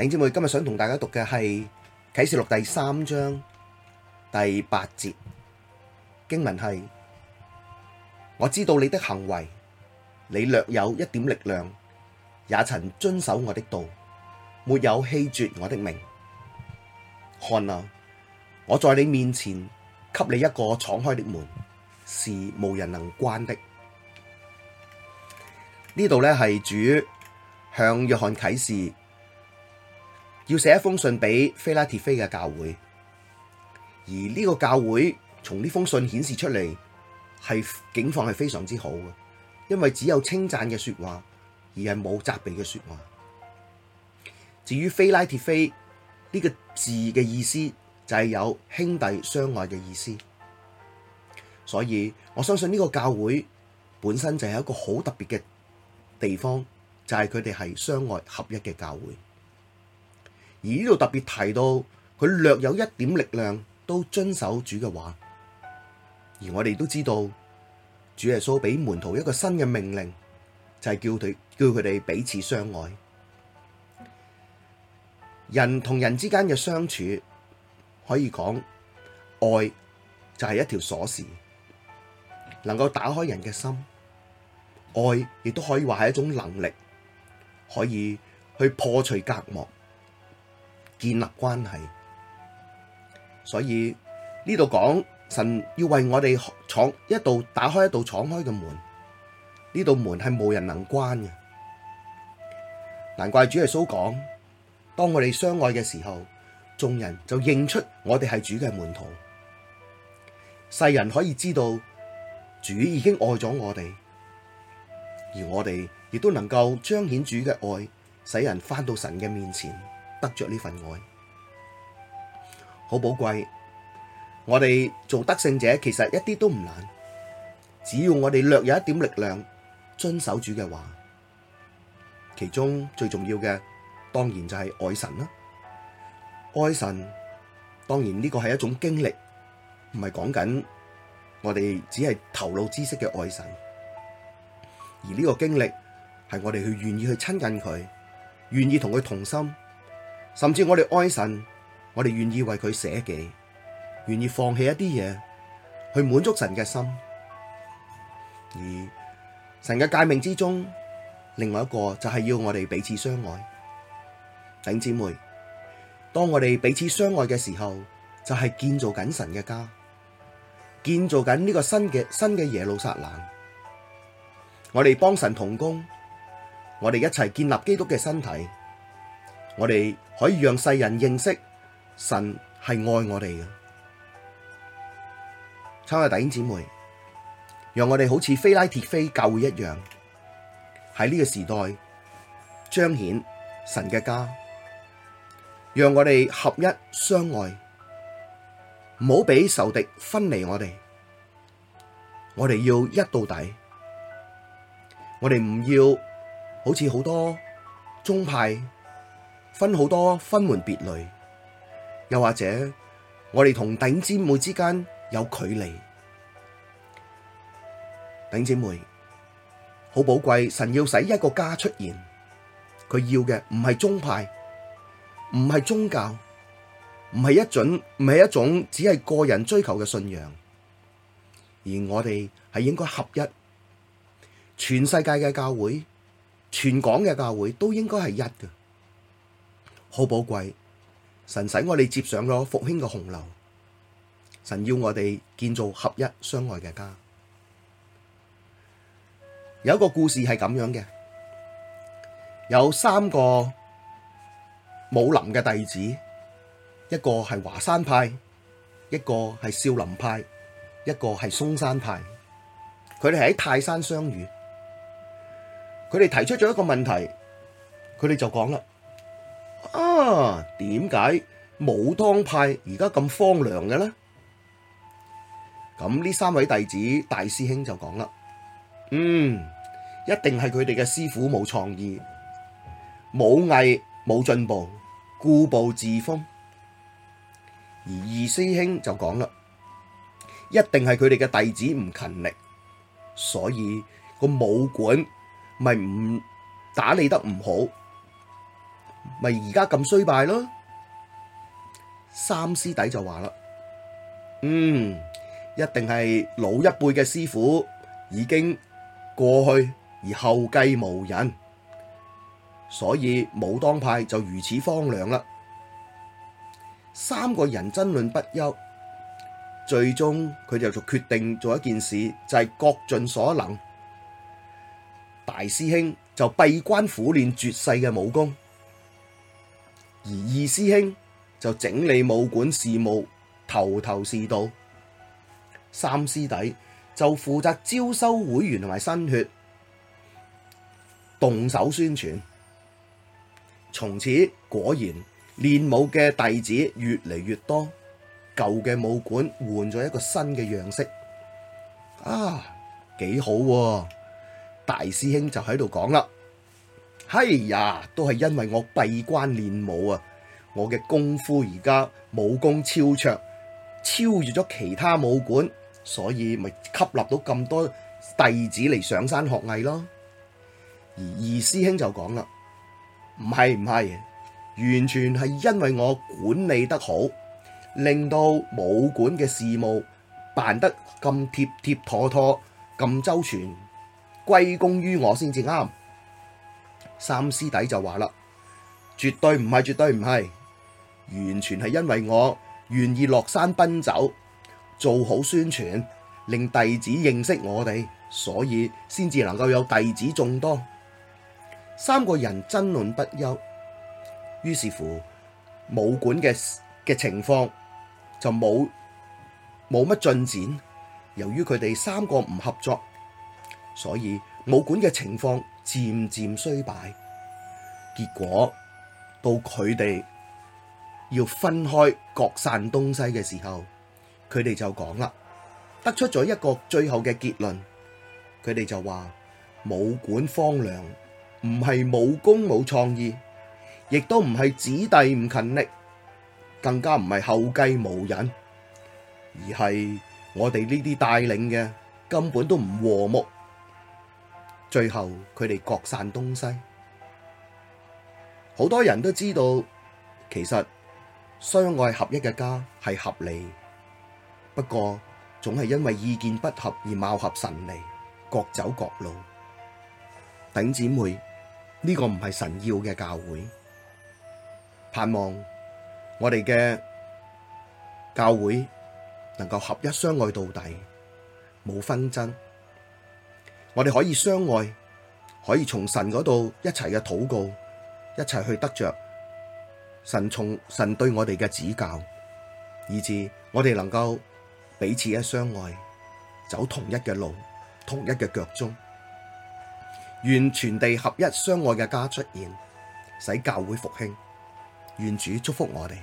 弟兄姐妹，今日想同大家讀嘅係啟示錄第三章第八節，經文係：我知道你的行為，你略有一點力量，也曾遵守我的道，沒有棄絕我的名。看哪，我在你面前給你一個敞開的門，是無人能關的。呢度呢係主向約翰啟示。要寫一封信俾非拉鐵非嘅教會，而呢個教會從呢封信顯示出嚟，係境況係非常之好嘅，因為只有稱讚嘅說話，而係冇責備嘅說話。至於非拉鐵非呢個字嘅意思，就係有兄弟相愛嘅意思。所以我相信呢個教會本身就係一個好特別嘅地方，就係佢哋係相愛合一嘅教會。而呢度特別提到，佢略有一點力量都遵守主嘅話，而我哋都知道，主耶穌俾門徒一個新嘅命令，就係叫佢叫佢哋彼此相愛。人同人之間嘅相處，可以講愛就係一條鎖匙，能夠打開人嘅心。愛亦都可以話係一種能力，可以去破除隔膜。建立關係，所以呢度講神要為我哋闖一道打開一道敞開嘅門，呢道門係冇人能關嘅。難怪主耶穌講：當我哋相愛嘅時候，眾人就認出我哋係主嘅門徒，世人可以知道主已經愛咗我哋，而我哋亦都能夠彰顯主嘅愛，使人翻到神嘅面前。得着呢份愛，好寶貴。我哋做得勝者，其實一啲都唔難。只要我哋略有一點力量，遵守主嘅話，其中最重要嘅，當然就係愛神啦。愛神當然呢個係一種經歷，唔係講緊我哋只係頭腦知識嘅愛神。而呢個經歷係我哋去願意去親近佢，願意同佢同心。甚至我哋愛神，我哋願意為佢捨己，願意放棄一啲嘢去滿足神嘅心。而神嘅誡命之中，另外一個就係要我哋彼此相愛。弟兄姊妹，當我哋彼此相愛嘅時候，就係、是、建造緊神嘅家，建造緊呢個新嘅新嘅耶路撒冷。我哋幫神同工，我哋一齊建立基督嘅身體。我哋可以讓世人認識神係愛我哋嘅。親愛嘅弟兄姊妹，讓我哋好似非拉鐵非教會一樣喺呢個時代彰顯神嘅家，讓我哋合一相愛，唔好俾仇敵分離我哋，我哋要一到底，我哋唔要好似好多宗派，分好多分門別類，又或者我哋同弟姊妹之間有距離。弟姊妹好寶貴，神要使一個家出現，佢要嘅唔係宗派，唔係宗教，唔係一准，唔係一種只係個人追求嘅信仰，而我哋係應該合一，全世界嘅教會，全港嘅教會都應該係一嘅。好寶貴，神使我哋接上咗復興嘅洪流，神要我哋建造合一相愛嘅家。有一個故事係咁樣嘅，有三個武林嘅弟子，一個係華山派，一個係少林派，一個係嵩山派。佢哋喺泰山相遇，佢哋提出咗一個問題，佢哋就講啦。啊，點解武當派而家咁荒涼嘅呢？咁呢三位弟子大師兄就講啦，嗯，一定係佢哋嘅師傅冇創意，武藝冇進步，固步自封。而二師兄就講啦，一定係佢哋嘅弟子唔勤力，所以個武館咪唔打理得唔好。咪而家咁衰敗咯！三師弟就話啦，嗯，一定係老一輩嘅師傅已經過去，而後繼無人，所以武當派就如此荒涼啦。三個人爭論不休，最終佢就做決定做一件事，就係各盡所能。大師兄就閉關苦練絕世嘅武功。而二師兄就整理武館事務，頭頭是道；三師弟就負責招收會員同埋新血，動手宣傳。從此果然練武嘅弟子越嚟越多，舊嘅武館換咗一個新嘅樣式，啊，幾好喎！大師兄就喺度講啦。係呀，都係因為我閉關練武啊，我嘅功夫而家武功超卓，超越咗其他武館，所以咪吸納到咁多弟子嚟上山學藝咯。而二師兄就講啦，唔係唔係，完全係因為我管理得好，令到武館嘅事務辦得咁貼貼妥妥，咁周全，歸功於我先至啱。三師弟就話啦，絕對唔係，絕對唔係，完全係因為我願意落山奔走，做好宣傳，令弟子認識我哋，所以先至能夠有弟子眾多。三個人爭論不休，於是乎武館嘅嘅情況就冇冇乜進展。由於佢哋三個唔合作，所以武館嘅情況，漸漸衰敗，結果到佢哋要分開各散東西嘅時候，佢哋就講啦，得出咗一個最後嘅結論，佢哋就話武館荒涼，唔係武功冇創意，亦都唔係子弟唔勤力，更加唔係後繼無人，而係我哋呢啲帶領嘅根本都唔和睦。最後佢哋各散東西，好多人都知道，其實相愛合一嘅家係合理，不過總係因為意見不合而貌合神離，各走各路。弟兄姊妹，呢個唔係神要嘅教會，盼望我哋嘅教會能夠合一相愛到底，冇紛爭。我哋可以相愛，可以從神嗰度一齊嘅禱告，一齊去得着神從神對我哋嘅指教，以致我哋能夠彼此嘅相愛，走同一嘅路，同一嘅腳蹤，願全地合一相愛嘅家出現，使教會復興，願主祝福我哋。